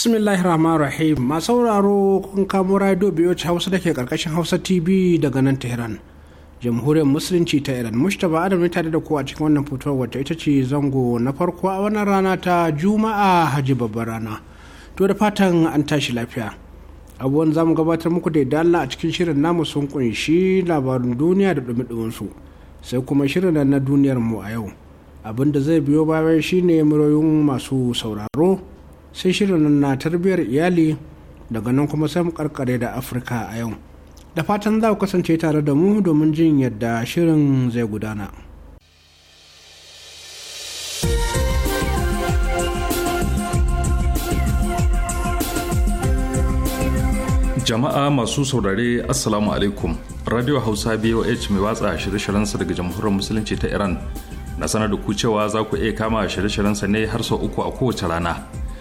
bismillahir rahmanir rahim masu sauraro kun kamo radio biyoci hausa da ke karkashin hausa tv daga nan tehran jamhuriyar musulunci ta iran mustapha adam ne tare da ku a cikin wannan fitowar wacce ita ce zango na farko a wannan rana ta juma'a haji babbar rana to da fatan an tashi lafiya abubuwan zamu gabatar muku da dalla a cikin shirin namu sun kunshi labarin duniya da dumi su sai kuma shirin na duniyar mu a yau abin da zai biyo bayan shine muryoyin masu sauraro sai shirin na tarbiyyar iyali daga nan kuma sai mu karkare da afirka a yau da fatan za ku kasance tare da mu domin jin yadda shirin zai gudana jama'a masu saurare assalamu alaikum radio hausa boh mai watsa shirye sa daga jamhuriyar musulunci ta iran na sanar da ku cewa za ku iya kama shirye sa ne har sau uku a kowace rana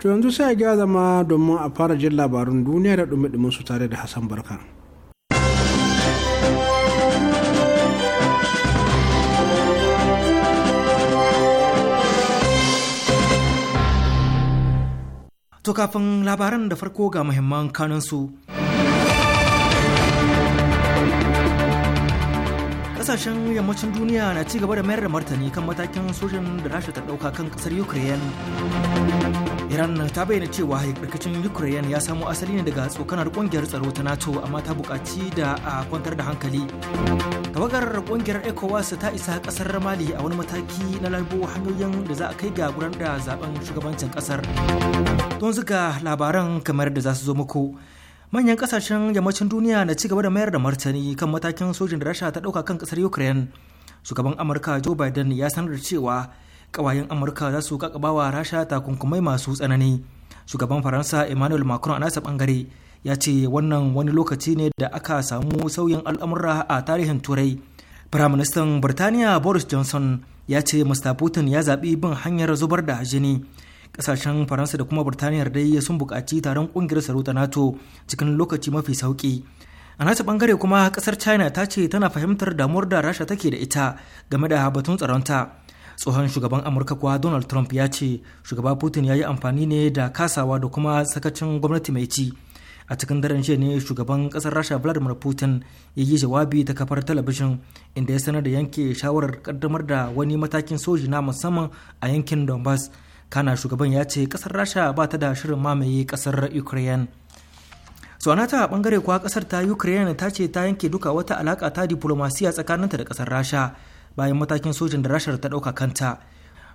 to yanzu sai a zama domin a fara jin labarun duniya da dumi su tare da hassan barka to kafin labaran da farko ga muhimman kanunsu kasashen yammacin duniya na ci gaba da mayar da martani kan matakin sojin da rasha ta dauka kan kasar ukraine iran ta bayyana cewa rikicin ukraine ya samo asali ne daga tsokanar kungiyar tsaro ta nato amma ta buƙaci da a kwantar da hankali tawagar kungiyar ecowas ta isa kasar mali a wani mataki na Larbo hanyoyin da za a kai ga gudanar da zaben shugabancin kasar don zuga labaran kamar da za su zo muku manyan kasashen yammacin duniya na ci gaba da mayar da martani kan matakin sojin da rasha ta dauka kan kasar ukraine shugaban amurka joe biden ya sanar da cewa ƙawayen amurka za su wa rasha takunkumai masu tsanani shugaban faransa emmanuel macron a nasa bangare ya ce wannan wani lokaci ne da aka samu sauyin al'amura a tarihin turai firaministan birtaniya boris johnson ya ce mr putin ya zaɓi bin hanyar zubar da jini kasashen faransa da kuma birtaniyar dai sun buƙaci taron ƙungiyar tsaro ta nato cikin lokaci mafi sauƙi a nata bangare kuma ƙasar china ta ce tana fahimtar damuwar da rasha take da ita game da batun tsaronta tsohon shugaban amurka kuwa donald trump ya ce shugaba putin ya yi amfani ne da kasawa da kuma sakacin gwamnati mai ci a cikin daren jiya ne shugaban ƙasar rasha vladimir putin ya yi jawabi ta kafar talabijin inda ya sanar da yanke shawarar kaddamar da wani matakin soji na musamman a yankin donbass kana shugaban ya ce kasar rasha ba ta da shirin mamaye kasar ukraine sona ta bangare kuwa kasar ta ukraine ta ce ta yanke duka wata alaka ta diplomasiya tsakaninta da kasar rasha bayan matakin sojin da rashar ta dauka kanta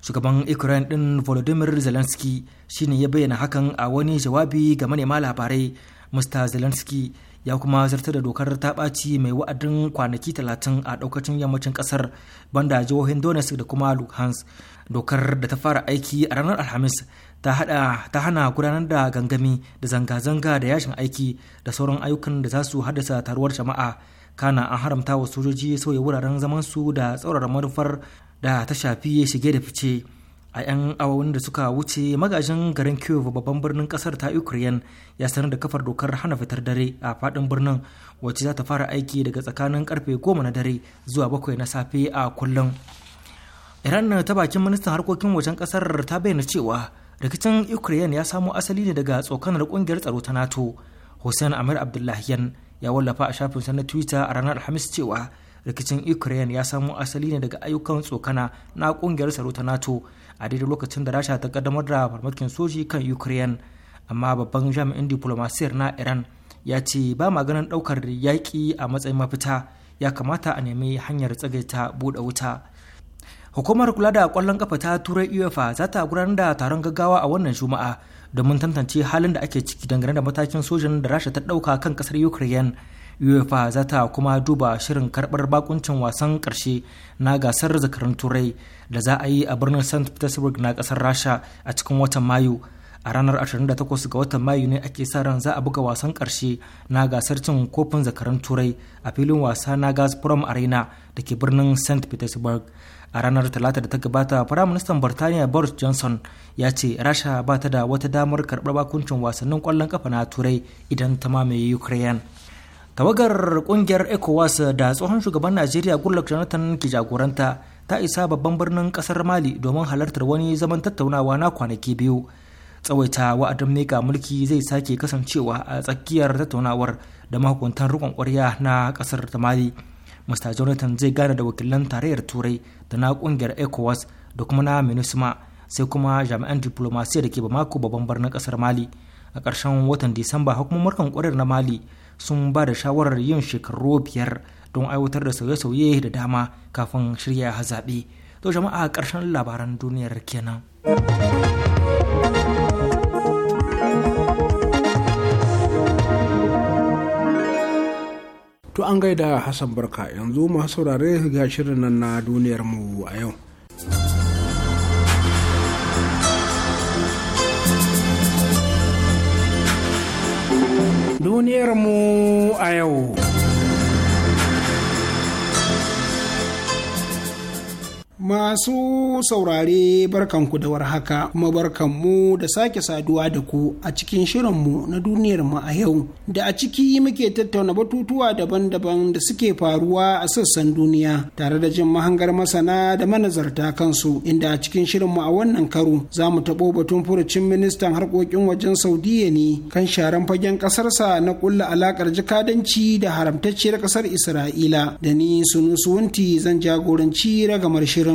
shugaban ukraine din volodymyr zelensky shine ya bayyana hakan a wani jawabi ga manema labarai mr zelensky ya kuma zartar da dokar ta ɓaci mai wa'adin kwanaki talatin a ɗaukacin yammacin ƙasar banda jihohin donetsk da kuma luhansk dokar da ta fara aiki a ranar alhamis ta hana gudanar da gangami da zanga-zanga da yashin aiki da sauran ayyukan da za su haddasa taruwar jama'a kana an haramta wa sojoji sauya wuraren zamansu da tsaurara manufar da ta shafi shige da fice a 'yan awawun da suka wuce magajin garin kyiv babban birnin kasar ta ukraine ya sanar da kafar dokar hana fitar dare a fadin birnin wacce za ta fara aiki daga tsakanin karfe goma na dare zuwa bakwai na safe a kullum iran ta bakin ministan harkokin wajen kasar ta bayyana cewa rikicin ukraine ya samo asali ne daga tsokanar kungiyar tsaro ta nato hussein amir abdullahiyan ya wallafa a shafinsa na twitter a ranar alhamis cewa rikicin ukraine ya samo asali ne daga ayyukan tsokana na kungiyar tsaro ta nato a daidai lokacin da rasha ta kaddamar da farmakin soji kan ukraine amma babban jami'in diplomasiyar na iran ya ce ba maganin daukar yaƙi a matsayin mafita ya kamata a nemi hanyar tsagaita buɗe wuta hukumar kula da kwallon kafa ta turai uefa za ta gudanar da taron gaggawa a wannan juma'a domin tantance halin da ake ciki dangane da matakin sojan da rasha ta ɗauka kan ƙasar ukraine uefa za ta kuma duba shirin karbar bakuncin wasan karshe na gasar zakarun turai da za a yi a birnin st petersburg na kasar rasha a cikin watan mayu a ranar 28 ga watan mayu ne ake sa ran za a buga wasan karshe na gasar cin kofin zakarun turai a filin wasa na gazprom arena da ke birnin st petersburg a ranar talata da ta gabata firaministan birtaniya boris johnson ya ce rasha ba ta da wata damar karɓar bakuncin wasannin ƙwallon kafa na turai idan ta mamaye ukraine tawagar kungiyar ecowas da tsohon shugaban najeriya goodluck jonathan ke jagoranta ta isa babban birnin kasar mali domin halartar wani zaman tattaunawa na kwanaki biyu tsawaita wa'adin meka mulki zai sake kasancewa a tsakiyar tattaunawar da mahukuntan rikon kwarya na kasar ta mali mr jonathan zai gane da wakilan tarayyar turai da na kungiyar ecowas da kuma na minisma sai kuma jami'an diplomasiya da ke bamako babban birnin kasar mali a ƙarshen watan disamba hukumar kan kwarar na mali sun ba da shawarar yin shekaru biyar don aiwatar da sauye-sauye da dama kafin shirya zaɓe to jama'a ƙarshen labaran duniyar kenan to an gaida hassan barka yanzu masu saurare ga shirin nan na mu a yau duniyarmu a yau. Masu saurare barkanku da warhaka kuma barkanmu da sake saduwa da ku a cikin shirinmu na duniyar mu a yau da a ciki muke tattauna batutuwa daban-daban da suke faruwa a sassan duniya tare da jin mahangar masana da manazarta kansu inda a cikin shirinmu a wannan karo za mu taɓo batun furucin ministan harkokin wajen saudiya ne kan sharan fagen ƙasarsa na ƙulla alaƙar jikadanci da haramtacciyar ƙasar isra'ila da ni sunusuwanti zan jagoranci ragamar shirin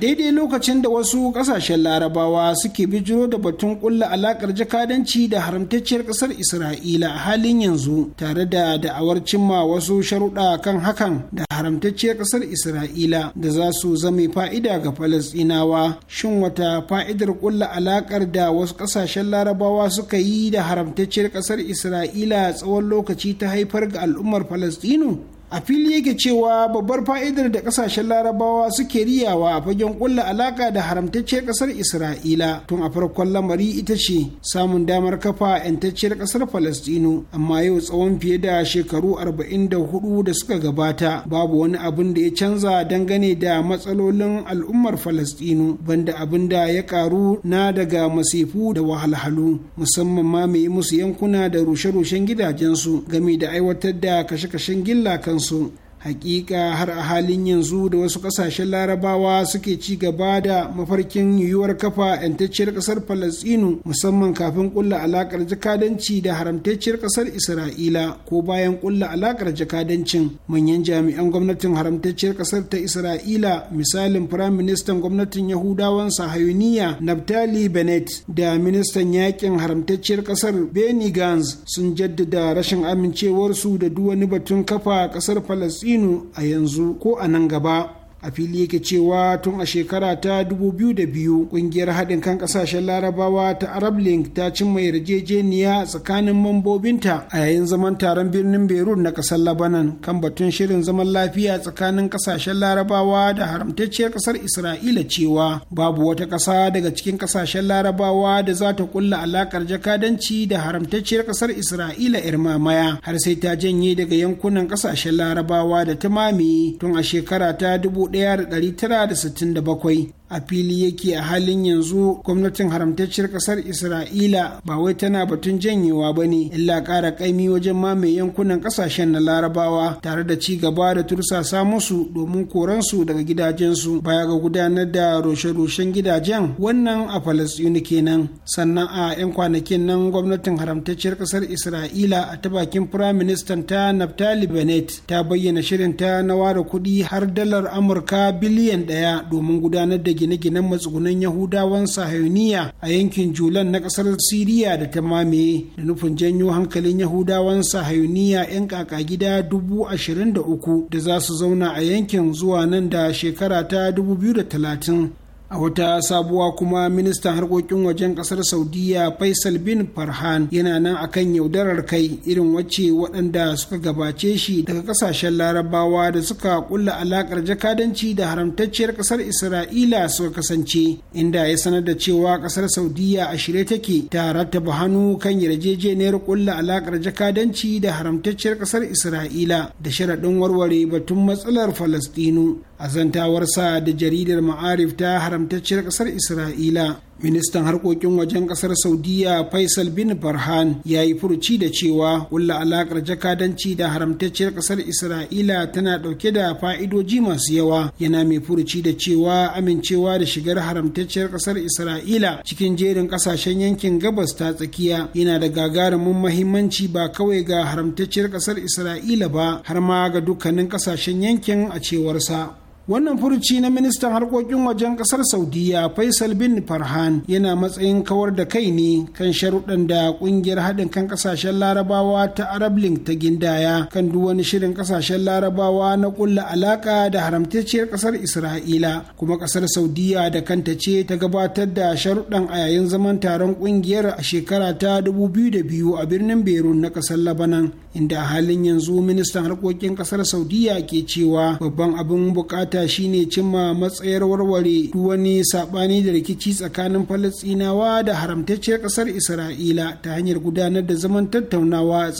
daidai lokacin da wasu kasashen larabawa suke bijiro da batun kulla alakar jakadanci da haramtacciyar kasar isra'ila a halin yanzu tare da da'awar cimma wasu sharuɗa kan hakan da haramtacciyar kasar isra'ila da za su zame fa'ida ga falasɗinawa shin wata fa'idar kulla alakar da wasu kasashen larabawa suka yi da haramtacciyar kasar isra'ila tsawon lokaci ta haifar ga al'ummar falasɗinu a fili yake cewa babbar fa'idar da ƙasashen larabawa suke riyawa a fagen ƙulla alaka da haramtacciyar ƙasar isra'ila tun a farkon lamari ita ce samun damar kafa 'yantacciyar ƙasar falastino amma yau tsawon fiye da shekaru 44 da suka gabata babu wani abin da ya canza dangane da matsalolin al'ummar falastino banda abin da ya karu na daga masifu da wahalhalu musamman ma mai musu yankuna da rushe-rushen gidajensu game da aiwatar da kashe-kashen gilla kan kansu hakika har a halin yanzu da wasu kasashen larabawa suke ci gaba da mafarkin yiwuwar kafa 'yantacciyar kasar falastinu musamman kafin kulla alakar jakadanci da haramtacciyar kasar isra'ila ko bayan kulla alakar jakadancin manyan jami'an gwamnatin haramtacciyar kasar ta isra'ila misalin firayim ministan gwamnatin yahudawan sahayuniya naftali bennett da ministan yakin haramtacciyar kasar benny gans sun jaddada rashin amincewarsu da duk wani batun kafa kasar falastinu Falasɗinu a yanzu ko a nan gaba. a fili yake cewa tun a shekara ta 2002 kungiyar haɗin kan ƙasashen larabawa ta arab link ta cimma yarjejeniya tsakanin mambobinta a yayin zaman taron birnin beirut na ƙasar labanan kan batun shirin zaman lafiya tsakanin ƙasashen larabawa da haramtacciyar ƙasar isra'ila cewa babu wata ƙasa daga cikin ƙasashen larabawa da za ta kulla alaƙar jakadanci da haramtacciyar ƙasar isra'ila yar mamaya har sai ta janye daga yankunan ƙasashen larabawa da ta mamaye tun a shekara ta dubu 1967 a fili yake a halin yanzu gwamnatin haramtacciyar kasar isra'ila ba wai tana batun janyewa ba ne illa ƙara ƙaimi wajen mamaye yankunan ƙasashen na larabawa tare da ci gaba da tursasa musu domin koransu daga gidajensu baya ga gudanar da rushe-rushen gidajen wannan a falasɗinu kenan sannan a 'yan kwanakin nan gwamnatin haramtacciyar kasar isra'ila a ta bakin firaministan ta naftali benet ta bayyana shirin ta na ware kuɗi har dalar amurka biliyan ɗaya domin gudanar da gine-ginen matsugunan yahudawan sahayuniya a yankin julan na kasar siriya da ta mamaye da nufin janyo hankalin yahudawan sahayuniya 'yan kaka gida dubu ashirin da uku da za su zauna a yankin zuwa nan da shekara ta dubu biyu da talatin a wata sabuwa kuma ministan harkokin wajen kasar saudiya faisal bin farhan yana nan akan yaudarar kai irin wacce waɗanda suka gabace shi daga kasashen larabawa da suka kulla alakar jakadanci da haramtacciyar kasar isra'ila suka kasance inda ya sanar da cewa kasar saudiya a shirye take ta rattaba hannu kan yarjejeniyar kulla alakar jakadanci da haramtacciyar kasar isra'ila da sharaɗin warware batun matsalar falastinu Azantawarsa da jaridar ma'arif ta haramtacciyar ƙasar isra'ila ministan harkokin wajen ƙasar saudiya faisal bin barhan ya yi furuci da cewa kulla alakar jakadanci da haramtacciyar ƙasar isra'ila tana dauke da fa'idoji masu yawa yana mai furuci da cewa amincewa da shigar haramtacciyar ƙasar isra'ila cikin jerin ƙasashen yankin gabas ta tsakiya yana da gagarumin mahimmanci ba kawai ga haramtacciyar ƙasar isra'ila ba har ma ga dukkanin ƙasashen yankin a cewarsa wannan furuci na ministan harkokin wajen kasar saudiya faisal bin farhan yana matsayin kawar da kai ne kan sharuɗan da ƙungiyar haɗin kan ƙasashen larabawa ta arab link ta gindaya kan duk wani shirin ƙasashen larabawa na ƙulla alaƙa da haramtacciyar ƙasar isra'ila kuma ƙasar saudiya da kanta ce ta gabatar da sharuɗan a yayin zaman taron ƙungiyar a shekara ta 2002 a birnin berun na ƙasar labanan inda a halin yanzu ministan harkokin ƙasar saudiya ke cewa babban abin buƙata bukata shine cimma matsayar warware wani saɓani da rikici tsakanin falasɗinawa da haramtacciyar ƙasar isra'ila ta hanyar gudanar da zaman tattaunawa a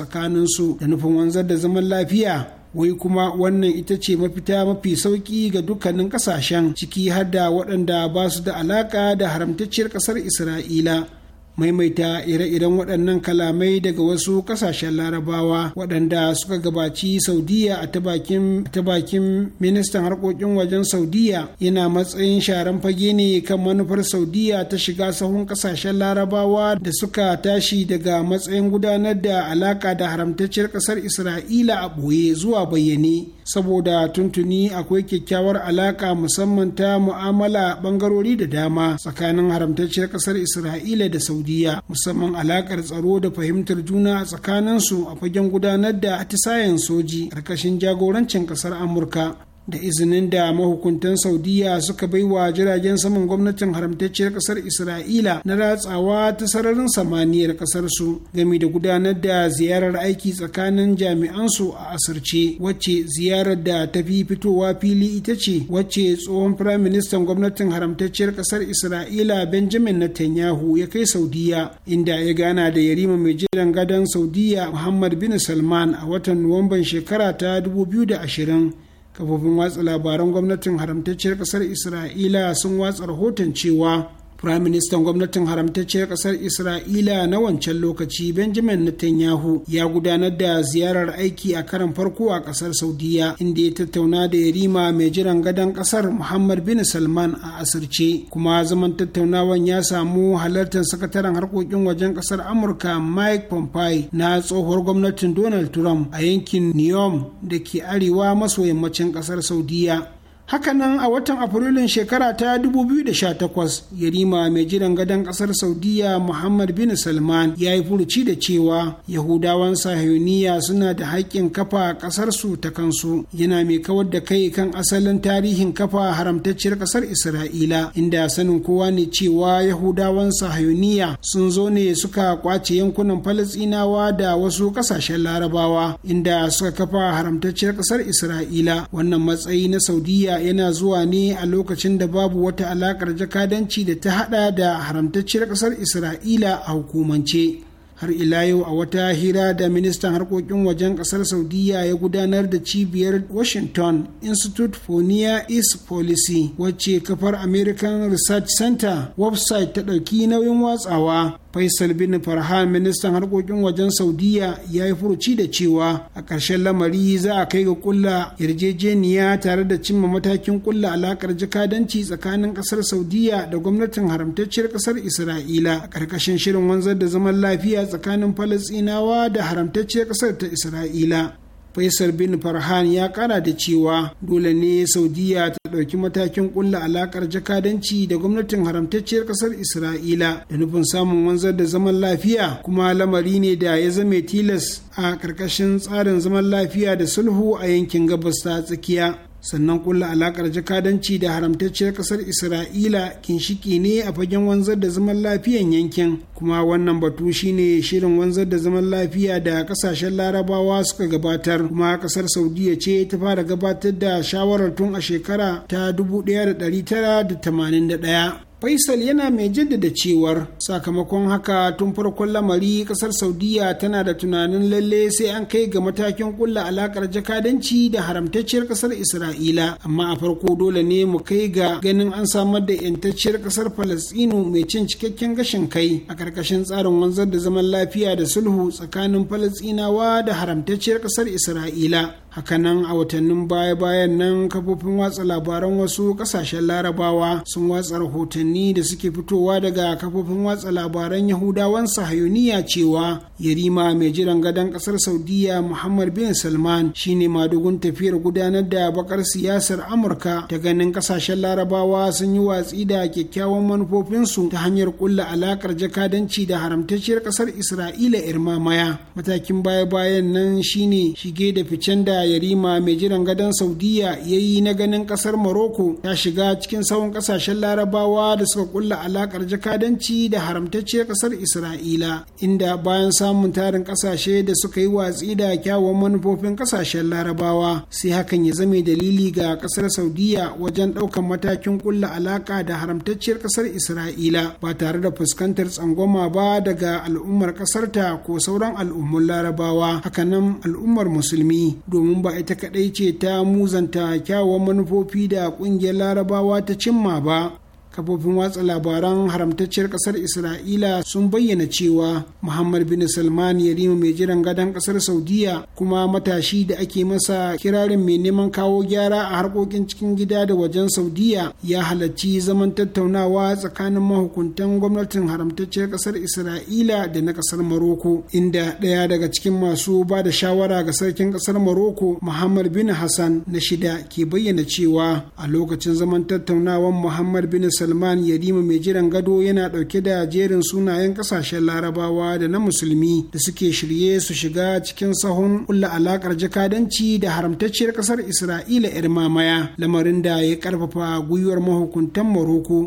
su da nufin wanzar da zaman lafiya wai kuma wannan ita ce mafita mafi sauki ga dukkanin ƙasashen ciki har da waɗanda ba su da alaƙa da haramtacciyar ƙasar isra'ila maimaita ire-iren waɗannan kalamai daga wasu ƙasashen larabawa waɗanda suka gabaci saudiya a ta bakin ministan harkokin wajen saudiya yana matsayin sharan fage ne kan manufar saudiya ta shiga sahun ƙasashen larabawa da suka tashi daga matsayin gudanar da alaƙa da haramtacciyar ƙasar isra'ila a ɓoye zuwa bayyane saboda tuntuni akwai kyakkyawar alaƙa musamman ta mu'amala bangarori da dama tsakanin haramtacciyar ƙasar isra'ila da saudiya saudiya musamman alakar tsaro da fahimtar juna a tsakaninsu a fagen gudanar da atisayen soji ƙarƙashin jagorancin ƙasar amurka da izinin da mahukuntan saudiya suka bai wa jiragen saman gwamnatin haramtacciyar kasar isra'ila na ratsawa ta sararin samaniyar kasar su game da gudanar da ziyarar aiki tsakanin jami'ansu a asirce wacce ziyarar da ta fi fitowa fili ita ce wacce tsohon firaministan gwamnatin haramtacciyar kasar isra'ila benjamin netanyahu ya kai saudiya inda ya gana da yarima mai jiran gadon saudiya muhammad bin salman a watan nuwamban shekara ta 2020 kafofin watsa labaran gwamnatin haramtacciyar kasar isra'ila sun watsa rahoton cewa Prime Minister gwamnatin haramtacciyar ƙasar Isra'ila na wancan lokaci Benjamin Netanyahu ya gudanar da ziyarar aiki a karan farko a ƙasar Saudiya inda ya tattauna da yarima mai jiran gadon ƙasar Muhammad bin Salman a asirce kuma zaman tattaunawan ya samu halartar sakataren harkokin wajen ƙasar Amurka Mike Pompeo na tsohuwar gwamnatin Donald Trump a yankin Neom da ke arewa maso yammacin ƙasar Saudiya hakanan a watan afrilun shekara ta 2018 yarima mai jiran gadon ƙasar saudiya muhammad bin salman ya yi furuci da cewa yahudawan sahiyoniya suna da haƙƙin kafa ƙasarsu ta kansu yana mai kawar da kai kan asalin tarihin kafa haramtacciyar ƙasar isra'ila inda sanin kowa ne cewa yahudawan sahiyoniya sun zo ne suka kwace yankunan falasinawa da wasu ƙasashen larabawa inda suka kafa haramtacciyar ƙasar isra'ila wannan matsayi na saudiya yana zuwa ne a lokacin da babu wata alaƙar jakadanci da ta haɗa da haramtacciyar ƙasar isra'ila a hukumance har ila yau a wata hira da ministan harkokin wajen ƙasar saudiya ya gudanar da cibiyar washington institute for near east policy wacce kafar american research center website ta ɗauki nauyin watsawa faisal bin farhan ministan harkokin wajen saudiya ya yi furuci da cewa a ƙarshen lamari za a kai ga kulla yarjejeniya tare da cimma matakin kulla alakar jakadanci tsakanin ƙasar saudiya da gwamnatin haramtacciyar ƙasar isra'ila a ƙarƙashin shirin wanzar da zaman lafiya tsakanin falasɗinawa da haramtacciyar ƙasar ta isra'ila Faisal bin Farhan ya kara da cewa dole ne Saudiya ta ɗauki matakin ƙulla alaƙar jakadanci da gwamnatin haramtacciyar ƙasar Isra'ila da nufin samun wanzar da zaman lafiya kuma lamari ne da ya zame tilas a ƙarƙashin tsarin zaman lafiya da sulhu a yankin gabas ta tsakiya. sannan kulla alakar jakadanci da haramtacciyar ƙasar isra'ila kinshiki ne a fagen wanzar da zaman lafiyan yankin kuma wannan batu shine shirin wanzar da zaman lafiya da ƙasashen larabawa suka gabatar kuma ƙasar saudiya ce ta fara gabatar da shawarar tun a shekara ta 1981 faisal yana mai jaddada cewar sakamakon haka tun farkon lamari kasar saudiya tana da tunanin lalle sai an kai ga matakin kulla alakar jakadanci da haramtacciyar kasar isra'ila amma a farko dole ne mu kai ga ganin an samar da yantacciyar kasar falastinu mai cin cikakken gashin kai a karkashin tsarin wanzar da zaman lafiya da sulhu tsakanin falastinawa da haramtacciyar kasar isra'ila hakanan a watannin baya-bayan nan kafofin watsa labaran wasu kasashen larabawa sun watsa rahotanni da suke fitowa daga kafofin watsa labaran yahudawan sahayuniya cewa yarima mai jiran gadon kasar saudiya muhammad bin salman shine madugun tafiyar gudanar da bakar siyasar amurka ta ganin kasashen larabawa sun yi watsi da kyakkyawan manufofinsu ta hanyar kulla alakar jakadanci da haramtacciyar kasar isra'ila irmamaya matakin baya-bayan nan shine shige da ficen da da yarima mai jiran gadon saudiya ya yi na ganin kasar morocco ta shiga cikin sauran kasashen larabawa da suka kulla alakar jakadanci da haramtacciyar kasar isra'ila inda bayan samun tarin kasashe da suka yi watsi da kyawun manufofin kasashen larabawa sai hakan ya zame dalili ga kasar saudiya wajen ɗaukan matakin kulla alaka da haramtacciyar kasar isra'ila ba tare da fuskantar tsangwama ba daga al'ummar kasarta ko sauran al'ummar larabawa hakanan al'ummar musulmi domin domin ba ita kaɗai ce ta muzanta kyawawan manufofi da ƙungiyar larabawa ta cimma ba kafofin watsa labaran haramtacciyar kasar isra'ila sun bayyana cewa muhammad bin salman yarima mai jiran gadon kasar saudiya kuma matashi da ake masa kirarin mai neman kawo gyara a harkokin cikin gida da wajen saudiya ya halarci zaman tattaunawa tsakanin mahukuntan gwamnatin haramtacciyar kasar isra'ila da na kasar maroko inda ɗaya daga cikin masu ba da shawara ga sarkin kasar maroko muhammad bin hassan na shida ke bayyana cewa a lokacin zaman tattaunawan muhammad bin salman yadima mai jiran gado yana dauke da jerin sunayen kasashen larabawa da na musulmi da suke shirye su shiga cikin sahun kulla alakar jakadanci da haramtacciyar kasar isra'ila 'yar mamaya lamarin da ya karfafa gwiwar mahukuntan maroko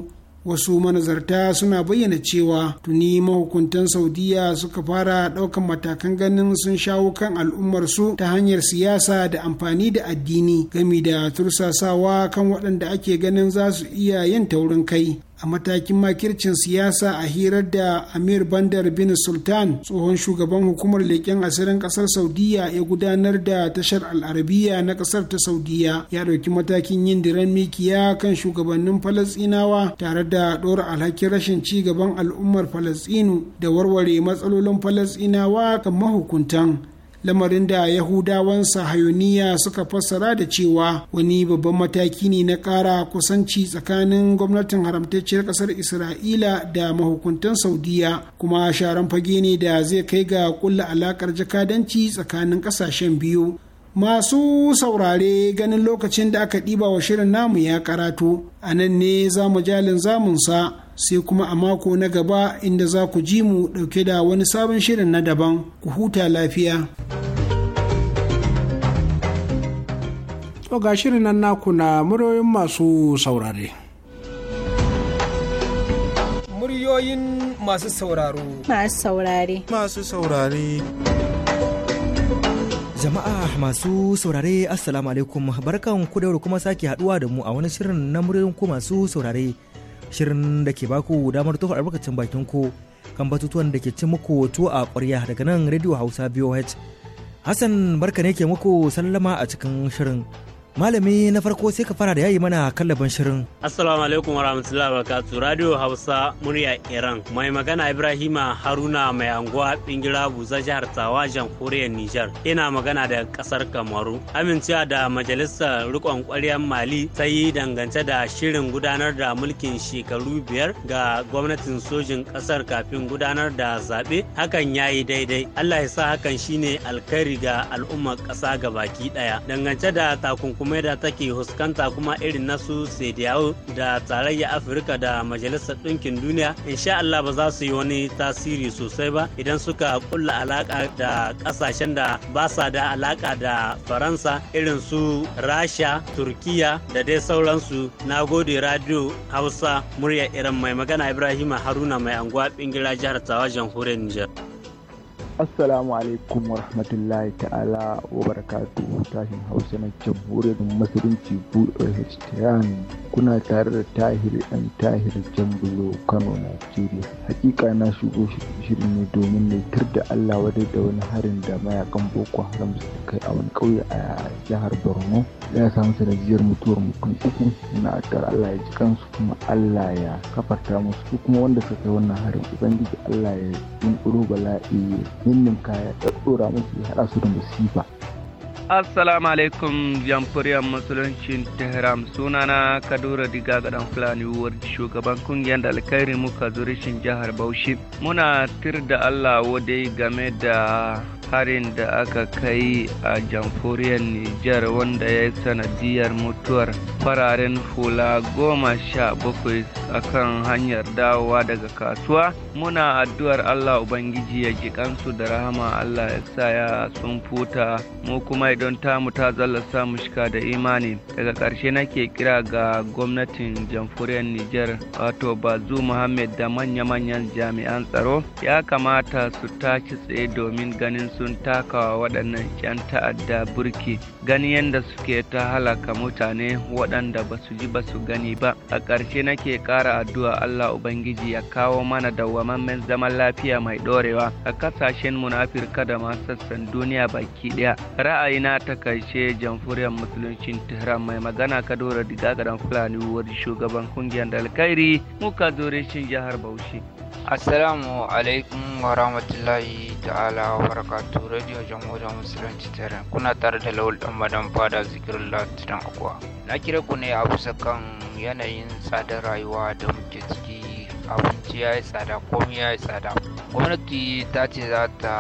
wasu manazarta suna bayyana cewa tuni mahukuntan saudiya suka fara ɗaukan matakan ganin sun shawo kan al'ummarsu ta hanyar siyasa da amfani da addini gami da tursasawa kan waɗanda ake ganin za su iya yin taurin kai a matakin makircin siyasa a hirar da amir bandar bin sultan tsohon shugaban hukumar leƙen asirin ƙasar saudiya ya gudanar da tashar al'arabiya na ƙasar ta saudiya ya ɗauki matakin yin diren mikiya kan shugabannin falasɗinawa tare da ɗora alhakin rashin ci gaban al'ummar falasɗinu da warware matsalolin falasɗinawa kan mahukuntan lamarin da yahudawan sahayoniya suka fassara da cewa wani babban mataki ne na ƙara kusanci tsakanin gwamnatin haramtacciyar ƙasar isra'ila da mahukuntan saudiya kuma sharan fage ne da zai kai ga kulla alaƙar jakadanci tsakanin ƙasashen biyu masu saurare ganin lokacin da aka ɗiba wa shirin namu ya karatu a nan ne zamu jalin zamunsa sai kuma a mako na gaba inda za ku ji mu ɗauke da wani sabon shirin na daban ku huta lafiya. To ga shirin nan naku na muryoyin masu saurare. Muryoyin masu sauraro. Masu saurare. Masu saurare. Jama'a masu saurare Assalamu alaikum barkan ku da kuma sake haduwa da mu a wani shirin na muryoyin ku masu saurare. shirin da ke baku damar tofa albarkacin bakin ku kan batutuwan da ke ci muku tuwo a ƙwarya daga nan rediyo Hausa BOH. Hassan barka ne ke muku sallama a cikin shirin. malami na farko sai ka fara da yayi mana kallaban shirin assalamu alaikum warahmatullahi wabarakatuh radio hausa murya iran mai magana ibrahima haruna mai anguwa bingira buza jihar tawa jamhuriyar nijar ina magana da kasar kamaru amincewa da majalisar rikon kwaryar mali ta yi dangance da shirin gudanar da mulkin shekaru biyar ga gwamnatin sojin kasar kafin gudanar da zaɓe hakan ya yi daidai allah ya sa hakan shine alkhairi ga al'ummar ƙasa gabaki ɗaya dangance da takunkumi kuma da take huskanta kuma irin nasu sediyawo da tarayya afirka da majalisar ɗinkin duniya insha Allah ba za su yi wani tasiri sosai ba idan suka kulla alaka da ƙasashen da ba sa da alaka da faransa irin su rasha turkiya da dai sauransu na gode radio hausa murya irin mai magana ibrahim haruna mai anguwa bingila jihar tawa jamhuriyar nijar Assalamu alaikum wa rahmatullahi ta'ala wa barakatu tashin hausa na jamhuriyar musulunci BOH kuna tare da tahir ɗan tahir jambulo Kano nigeria Hakika na shigo shirin ne domin ne tur da Allah wadai da wani harin da mayakan Boko Haram su kai a wani kauye a jihar Borno ya samu sanadiyar mutuwar mutum uku na tar Allah ya ji kansu kuma Allah ya kafarta musu kuma wanda suka kai wannan harin ubangiji Allah ya yi bala'i ninninka ya ɗaɗɗora musu ya haɗa su da musifa assalamu alaikum jamhuriyar musuluncin tehran sunana kadura diga gadan fulani ward shugaban kungiyar da alkhairi muka zurishin jihar bauchi muna tir da allah wadai game da harin da aka kai a jamhuriyar Nijar wanda ya yi sanadiyar mutuwar fararen hula goma sha bakwai a kan hanyar dawowa daga kasuwa. Muna addu'ar Allah Ubangiji ya ji kansu da rahama Allah ya sa ya sun futa mu kuma idan tamu ta zallasa mu shika da imani. Daga ƙarshe nake kira ga gwamnatin jamhuriyar Nijar wato Bazu Muhammad da manya-manyan jami'an tsaro ya kamata su tashi tsaye domin ganin su sun taka waɗannan 'yan ta'adda burki gani yadda suke ta halaka mutane waɗanda ba su ji ba su gani ba a ƙarshe nake ƙara addu'a Allah Ubangiji ya kawo mana dawwamammen zaman lafiya mai ɗorewa a ƙasashen mu na Afirka da ma sassan duniya baki ɗaya ra'ayina ta karshe jamhuriyar musuluncin Tehran mai magana Kadura Diga Gadan Fulani Wuri shugaban kungiyar Dalkairi muka zore shin jihar Bauchi. Assalamu alaikum wa rahmatullahi ta'ala wa barakatu Radio Jamhuriyar Musulunci Tare kuna tare da Lawal dan Madan Fada Zikirullah Tidan Akwa. Na kira ku ne a bisa kan yanayin tsadar rayuwa da muke ciki abinci ya yi tsada komai ya yi tsada. Gwamnati ta ce za ta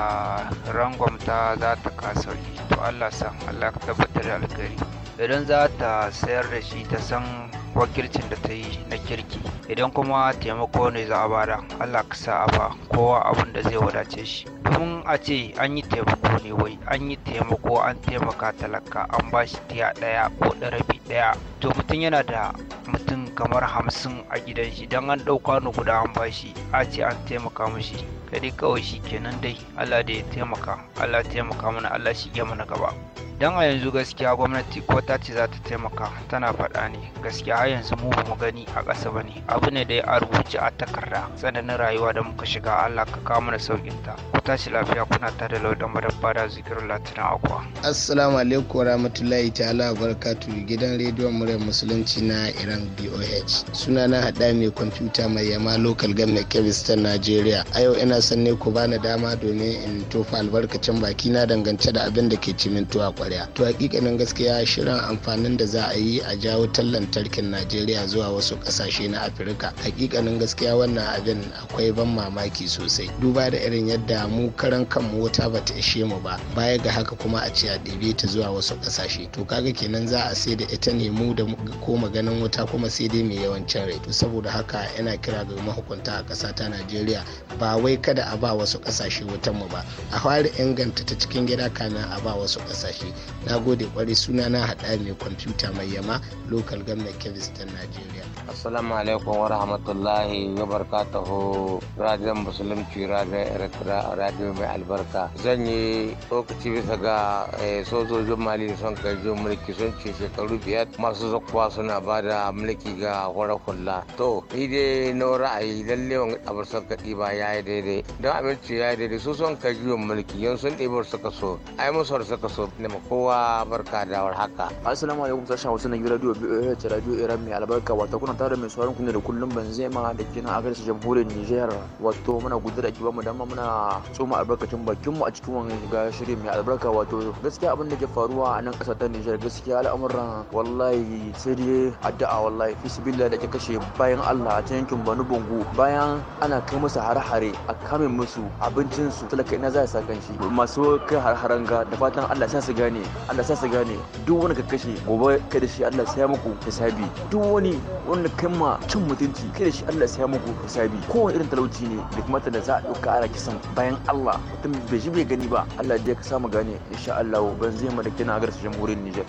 rangwamta za ta kasari to Allah san Allah ka tabbatar da alkari Idan za ta sayar da shi ta san wakilcin da ta yi na kirki idan kuma taimako ne za a bada allah ka sa a ba kowa abin da zai wadace shi domin a ce an yi taimako ne wai an yi taimako an taimaka talaka an ba shi tiya ɗaya ko ɗarabi ɗaya to mutum yana da mutum kamar hamsin a gidan shi don an ɗauka ni guda an ba shi a ce an taimaka mishi kai kawai shi kenan dai allah da ya taimaka allah taimaka mana allah shi mana gaba don a yanzu gaskiya gwamnati ko ta ce za ta taimaka tana faɗa ne gaskiya har yanzu mu ba mu gani a ƙasa ba ne abu ne da ya rubuce a takarda tsananin rayuwa da muka shiga allah ka kawo mana saukin ta ku tashi lafiya kuna ta da lauɗan madabba da zikirin latina akwa. assalamu alaikum warahmatullahi ta'ala barakatu gidan rediyon muryar musulunci na iran boh suna na haɗa mai kwamfuta mai yama local government kebis ta najeriya a yau ina son ne ku bani dama domin in tofa albarkacin baki na dangance da abin da ke cimin tuwa kwarya to hakikanin gaskiya shirin amfanin da za a yi a jawo tallan lantarkin najeriya zuwa wasu kasashe na afirka hakikanin gaskiya wannan abin akwai ban mamaki sosai duba da irin yadda mu karan kan wuta ba ta ishe mu ba baya ga haka kuma a ce a ɗebe ta zuwa wasu kasashe to kaga kenan za a sai da ita ne mu da ko maganin wuta kuma sai dai mai yawancin rai saboda haka yana kira ga mahukunta a ƙasa ta najeriya ba wai kada a ba wasu kasashe wutan mu ba a fara inganta ta cikin gida kamin a ba wasu kasashe na gode kwarai suna na haɗa mai kwamfuta mai yama local government kebis nigeria najeriya assalamu alaikum wa rahmatullahi wa barakatuhu radiyon musulunci radiyo mai albarka zan yi lokaci bisa ga eh, sojojin mali da son kai mulki sun ce shekaru biyar masu zakuwa suna ba da mulki ga wara kulla to ni dai na ra'ayi lalle wani abar son kaɗi ba ya yi daidai don abinci ya yi daidai su son kai mulki yan sun wasu suka so ai musu suka so ne ma kowa barka da war haka assalamu alaikum sashen wasu na biyu radiyo biyu ta radiyo iran mai albarka wata kuna masana'anta da mai sauran kunne da kullum Benzema da kina a garsa jamhuriyar Nijar wato muna da kiba mu dama muna tsoma albarkacin bakin mu a cikin wannan ga shirin mai albarka wato gaskiya abin da ke faruwa a nan kasar ta Nijar gaskiya al'amuran wallahi sai dai addu'a wallahi fisbillah da ke kashe bayan Allah a cikin yankin Banu bungu bayan ana kai musu har hare a kame musu abincin su talaka ina za a sakan shi masu kai har-haren ga da fatan Allah sa su gane Allah sa su gane duk wani ka kashe gobe kai da shi Allah sai muku hisabi duk wani wani wanda kai ma cin mutunci kai da shi Allah sai muku hisabi kowane irin talauci ne da kuma da za a ɗauka ana kisan bayan Allah mutum bai ji bai gani ba Allah ya ka samu gane insha Allah ban zai mu da kina agar jamhuriyar Niger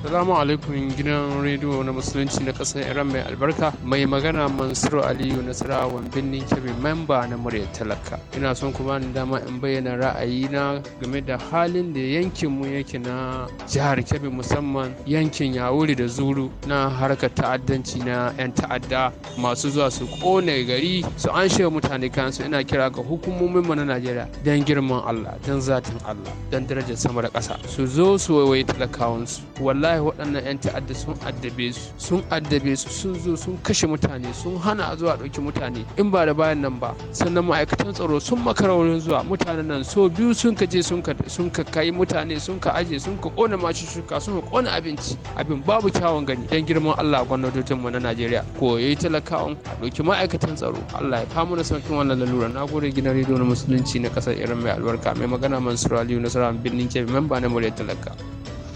Salamu alaikum gidan rediyo na musulunci na ƙasar Iran mai albarka mai magana Mansur Aliyu Nasara birnin Kebe memba na murya talaka. Ina son kuma ni dama in bayyana ra'ayina game da halin da yankin mu yake na jihar Kebbi musamman yankin Yawuri da Zuru na harkar ta'addanci na 'yan ta'adda masu zuwa su kone gari su an mutane kansu ina kira ga hukumomin mu na Najeriya don girman Allah don zatin Allah don darajar sama da ƙasa su zo su waye talakawansu wallahi wallahi waɗannan 'yan ta'adda sun addabe su sun addabe su sun zo sun kashe mutane sun hana zuwa ɗauki mutane in ba da bayan nan ba sannan ma'aikatan tsaro sun makara wurin zuwa mutanen nan so biyu sun ka je sun ka kai mutane sun ka aje sun ka kona mashi shuka sun ka kona abinci abin babu kyawun gani dan girman Allah gwamnatocin mu na Najeriya ko yayi talakawan a ɗauki ma'aikatan tsaro Allah ya famu na sauƙin wannan lalura na gode gidan rediyo na musulunci na kasar Iran mai albarka mai magana Mansur Aliyu Nasara birnin Kebbi memba na Murya Talaka.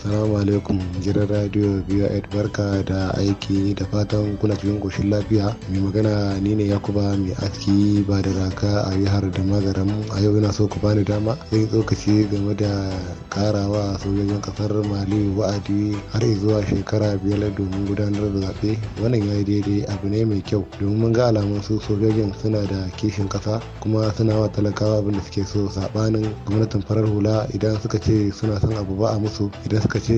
Assalamu alaikum gidan radio biyu a barka da aiki da fatan kuna cikin koshin lafiya. Mai magana ni ne Yakuba mai aski ba da raka a yihar da magaram a yau yana so ku bani dama zan tsokaci game da karawa sojojin kasar Mali wa'adi har zuwa shekara biyar domin gudanar da zaɓe wannan ya yi daidai abu ne mai kyau domin mun ga alamun su sojojin suna da kishin ƙasa kuma suna wa talakawa abin da suke so saɓanin gwamnatin farar hula idan suka ce suna son abu ba a musu idan suka aka ce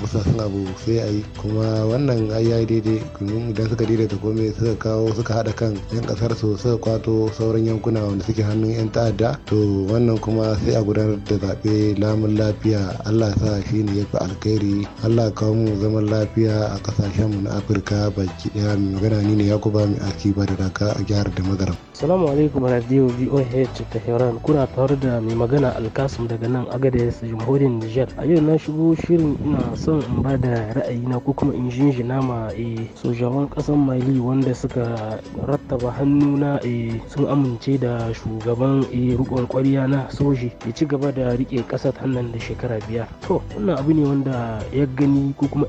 musa sun abu sai a yi kuma wannan ai ya daidai domin idan suka daidaita komai suka kawo suka hada kan yan kasar su suka kwato sauran yankuna wanda suke hannun yan ta'adda to wannan kuma sai a gudanar da zaɓe lamun lafiya allah sa shi ne ya fi alkhairi allah kawo mu zaman lafiya a kasashen mu na afirka baki ɗaya mai magana ni ne yakuba mai aki ba da raka a jihar da magaram. salamu alaikum radio voh tehran kuna tare da mai magana alkasim daga nan agadez jamhuriyar nijar a yau na shigo shi alheri ina son in ba da ra'ayina ko kuma in jinjina ma eh, sojawan kasan mali wanda suka rattaba hannuna eh, sun amince da shugaban eh, rikon kwariya na soji ya ci gaba da rike kasar hannun da shekara biyar to wannan abu ne wanda ya gani ko kuma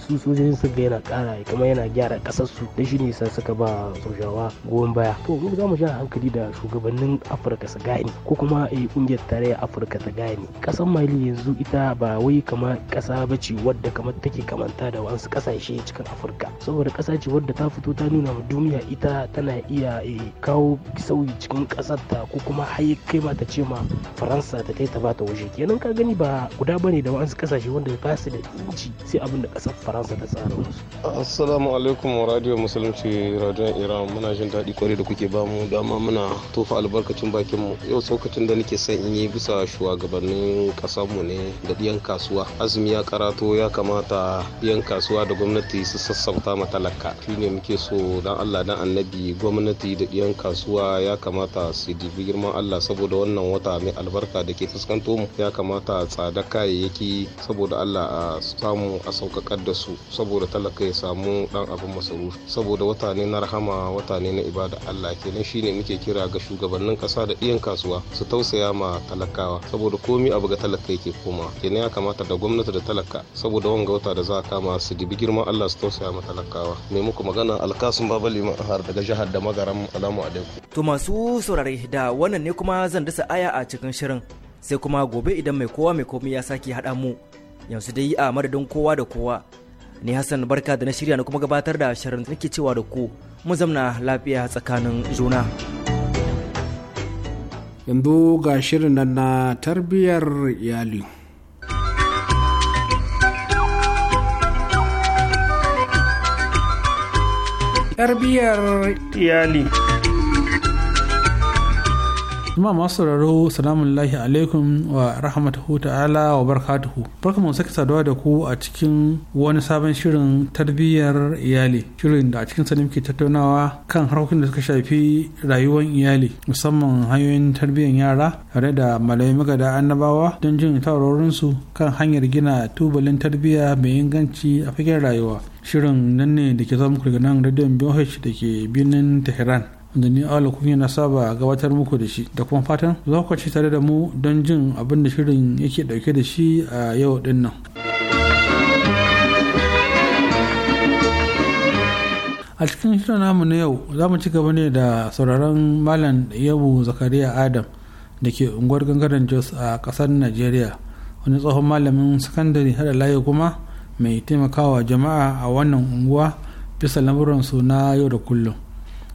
su sojojin su yana kara kuma yana gyara kasar su da shi ne sa suka ba sojawa goyon baya to mu za mu sha hankali da shugabannin afirka su gane ko kuma kungiyar tarayyar afirka ta gane kasar mali yanzu ita ba wai kamar kasa ba ce wadda kamar take kamanta da wasu kasashe cikin afirka saboda ƙasa ce wadda ta fito ta nuna ma duniya ita tana iya eh, kawo sauyi cikin ƙasar ta ko kuma har kai ma ta ce ma faransa ta kai ta bata waje kenan ka gani ba guda bane da wasu kasashe wanda ba su da inci sai abin da ƙasar faransa ta tsara musu assalamu alaikum wa radio musulunci radio iran muna jin daɗi kwarai da kuke bamu dama muna tofa albarkacin bakin mu yau saukacin da nake son in yi bisa shugabannin ƙasar mu ne da ɗiyan kasuwa azumi azumi ya karato ya kamata yan kasuwa da gwamnati su sassauta matalaka shi ne muke so dan allah dan annabi gwamnati da yan kasuwa ya kamata su dubi girman allah saboda wannan wata mai albarka da ke fuskanto mu ya kamata tsada kayayyaki saboda allah a samu a saukakar da su saboda talaka ya samu dan abin masarufi saboda wata ne na rahama wata ne na ibada allah kenan ne muke kira ga shugabannin kasa da yan kasuwa su tausaya ma talakawa saboda komi abu ga talaka yake koma kenan ya kamata da gwamnati gwamnati da talaka saboda wanga wata da za a kama su dibi girman Allah su tausaya ma talakawa me muku magana alkasun babali har daga jihar da magaram alamu alaikum to masu saurare da wannan ne kuma zan dasa aya a cikin shirin sai kuma gobe idan mai kowa mai komai ya sake haɗa mu yanzu dai a madadin kowa da kowa ni hassan barka da na shirya na kuma gabatar da shirin nake cewa da ku mu zamna lafiya tsakanin juna yanzu ga shirin nan na tarbiyyar iyali tarbiyyar iyali Jama'a masu sauraro salamun lahi alaikum wa rahmatuhu ta'ala wa barakatuhu. mu saki saduwa da ku a cikin wani sabon shirin tarbiyyar iyali. Shirin da a cikin sa muke tattaunawa kan harkokin da suka shafi rayuwar iyali musamman hanyoyin tarbiyyar yara tare da malamai magada annabawa don jin su kan hanyar gina tubalin tarbiyya mai inganci a fagen rayuwa. Shirin nan ne da ke zama kurganan nan rediyon BOH da ke birnin Tehran. da ni ala kunya na saba gabatar muku da shi da kuma fatan za ku ci tare da mu don jin abin da shirin yake dauke da shi a yau din a cikin shirin namu na yau za mu ci gaba ne da sauraron malam yabu zakariya adam da ke unguwar gangaren jos a kasar nigeria wani tsohon malamin sakandare hada layi kuma mai taimakawa jama'a a wannan unguwa bisa lamuransu na yau da kullum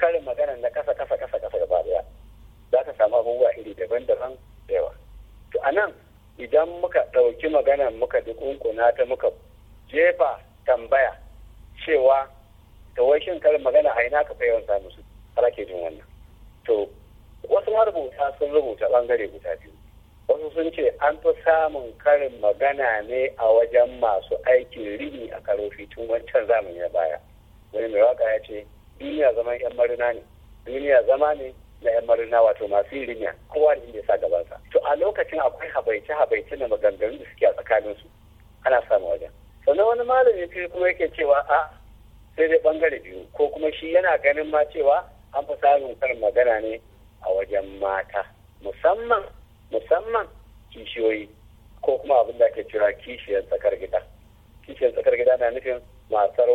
karin magana na kasa kasa kasa kasa gaba daya za ka samu abubuwa iri daban-daban da yawa to a nan idan muka ɗauki magana muka ji kunkuna ta muka jefa tambaya cewa ta wai shin karin magana a ina ka fa yawan samu su ala ke jin wannan to wasu marubuta sun rubuta bangare guda biyu wasu sun ce an fi samun karin magana ne a wajen masu aikin rini a karofi tun wancan zamani na baya wani mai waka ya ce duniya zaman yan marina ne duniya zama ne na yan marina wato masu irimiya kowa da inda sa gabansa to a lokacin akwai habaice habaice na maganganu da suke a tsakanin su ana samu wajen sannan wani malami sai kuma yake cewa a sai dai bangare biyu ko kuma shi yana ganin ma cewa an fi samun karin magana ne a wajen mata musamman musamman kishiyoyi ko kuma abin da ake cewa kishiyar tsakar gida kishiyar tsakar gida na nufin matar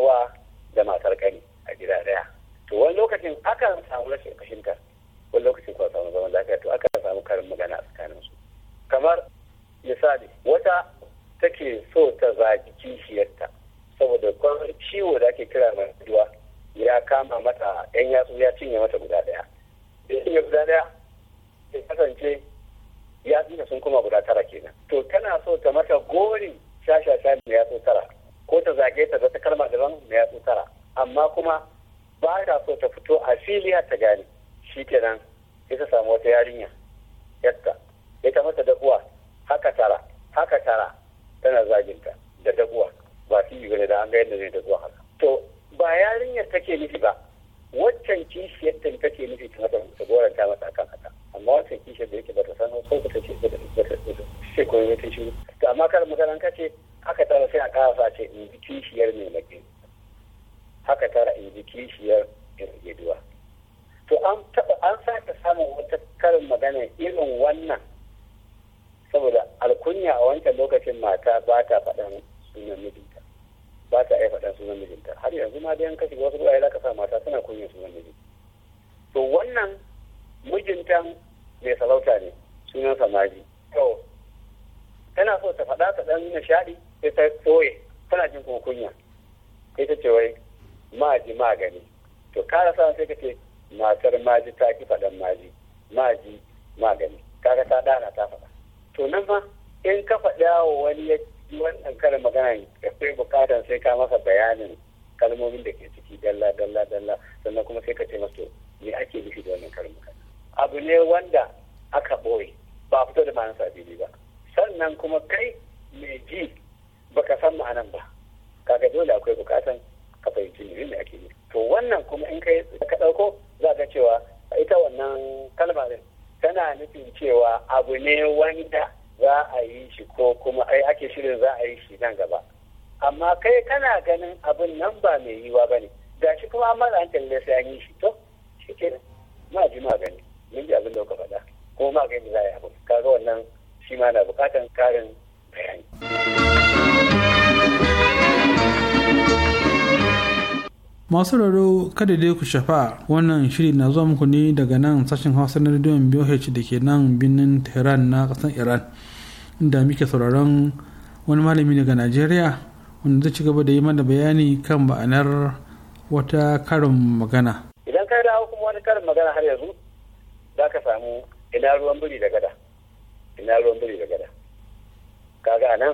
da matar kani a gida daya to wani lokacin aka samu rashin fahimta wani lokacin kuma samu zaman lafiya to aka samu karin magana a tsakanin su kamar misali wata take so ta zagi kishiyarta saboda kwanar ciwo da ake kira mai ya kama mata yan yatsu ya cinye mata guda daya da cinye guda daya ya kasance ya cinye sun kuma guda tara kenan to tana so ta mata gori shashasha mai yatsu tara ko ta zage ta zata kalma daban mai yatsu tara amma kuma ba ta so ta fito a filiya ta gane shi kenan sai ta samu wata yarinya yadda ya ta mata dabuwa haka tara haka tara tana zaginta da dabuwa ba su yi gane da an ga yadda zai dabuwa haka to ba yarinyar take nufi ba waccan kishiyar ta take nufi ta mata ta goranta mata akan haka amma waccan kishiyar da yake ba ta san ko ta ce ba ta ce ko ta ce amma kar magana ka ce haka tara sai a ko sa ce in kishiyar ne ko ke haka tara in ji kishiyar yaduwa to an taɓa an sake samun wata karin magana irin wannan saboda alkunya a wancan lokacin mata ba ta faɗan sunan mijinta ba ta iya faɗan sunan mijinta har yanzu ma dai an kashe wasu ruwaye za ka sa mata suna kunya sunan mijinta to wannan mijintan mai sarauta ne sunan samaji to tana so ta faɗa ta ɗan nishaɗi sai ta ɓoye tana jin kuma kunya sai ta ce wai maji magani to kara sa sai kace matar maji ta ki faɗan maji maji magani kaga ta dana ta faɗa to nan ma in ka faɗa wa wani ya wannan karin magana akwai bukatar sai ka masa bayanin kalmomin da ke ciki dalla dalla dalla sannan kuma sai ka ce masa me ake nufi da wannan karin magana abu ne wanda aka ɓoye ba fito da ma'anar sa ba sannan kuma kai mai ji baka san ma'anan ba kaga dole akwai bukatan ka fahimci ake yi to wannan kuma in kai ka ɗauko za ka cewa ita wannan kalmarin tana nufin cewa abu ne wanda za a yi shi ko kuma ai ake shirin za a yi shi nan gaba amma kai kana ganin abin nan ba mai yiwa ba ne shi kuma an mara hankali da sai an shi to shi ke ma ji ma gani mun ji abin da ka faɗa kuma ma gani za a yi abin kaga wannan shi ma na bukatan karin bayani. masu raro kada dai ku shafa wannan shiri na zuwa muku ne daga nan sashen hausa na rediyon boh da ke nan birnin tehran na kasan iran inda muke sauraron wani malami daga najeriya wanda zai ci gaba da yi mana bayani kan ma'anar wata karin magana idan ka dawo kuma wani karin magana har yanzu za ka samu ina ruwan biri da gada ina ruwan biri da gada kaga nan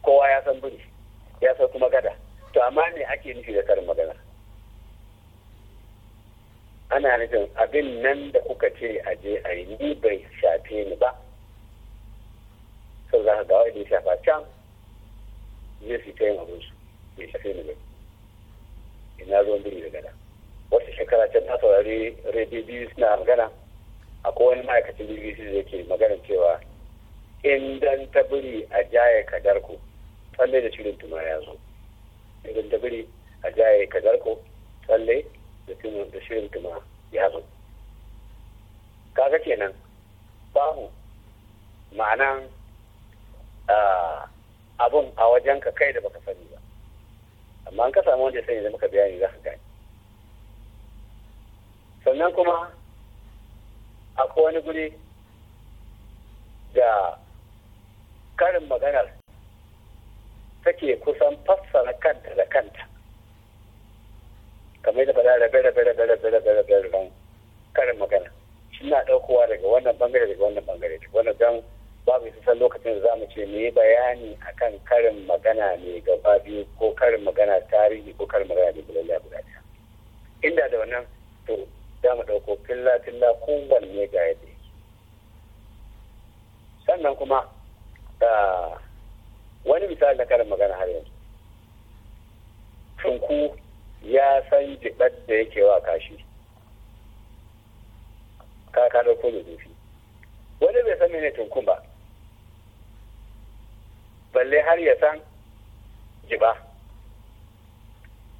kowa ya san biri ya san kuma gada to amma ne ake nufi da karin magana ana nufin abin nan da kuka ce a je a yi ni bai shafe ni ba sau za ka ga wani shafa can zai fi ta yin su bai shafe ni bai ina zo biri da gada wasu shekara can ta saurari radio biyu suna magana akwai wani ma'aikacin bbc da ke magana cewa in dan ta biri a jaya kadar ku tsalle da shirin tuma ya zo da biri a jaye kazarko tsalle da da shirin tuma ya zo kaga kenan babu ma'anan abun a wajen ka kai da baka sani ba amma an ka samu wanda sani da muka bayani za ka gani sannan kuma akwai wani guri da karin maganar take kusan fassara kanta da kanta kamar da faɗa rabe rabe rabe rabe rabe rabe don karin magana shi na ɗaukowa daga wannan bangare daga wannan bangare daga wannan don babu isa lokacin da zamu ce mu yi bayani akan karin magana ne gaba biyu ko karin magana tarihi ko karin magana ne ya guda ɗaya inda da wannan to za mu ɗauko filla filla kowanne ga yadda sannan kuma da ah, wani misali na karin magana har yanzu tunku ya san jibar da yake wa kashi ka ko da dufi wani bai san mene tunkun ba balle har ya san jiba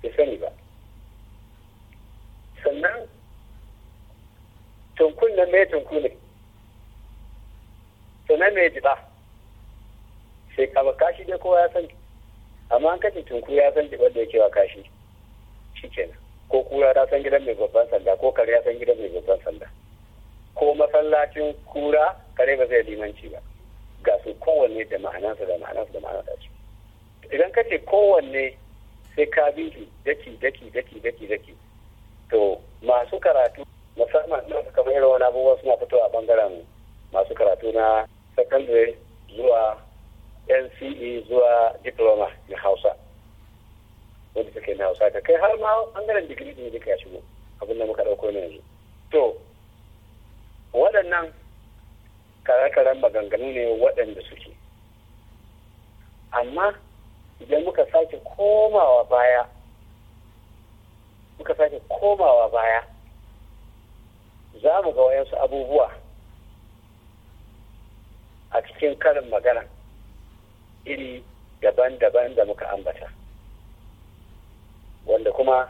ya sani ba sannan tunkun na mai tunku ne sannan mai jiba sai kama kashi dai kowa ya san amma an kashe tunku ya san wanda yake wa kashi shi kenan ko kura ta san gidan mai babban sanda ko kare ya san gidan mai babban sanda ko masallacin kura kare ba zai limanci ba ga su kowanne da ma'anarsa da ma'anarsa da ma'anansa idan ka ce kowanne sai ka bi shi daki daki daki daki daki to masu karatu musamman na kamar irin wani abubuwa suna fitowa a bangaren masu karatu na sakandare zuwa nce zuwa diploma na hausa wanda take na hausa ka kai har ma bangaren digiri ne duka ya shigo abin da muka ɗauko ne yanzu to waɗannan karakaran maganganu ne waɗanda suke amma idan muka sake komawa baya muka sake komawa baya za mu ga wayansu abubuwa a cikin karin magana iri daban-daban da muka ambata wanda kuma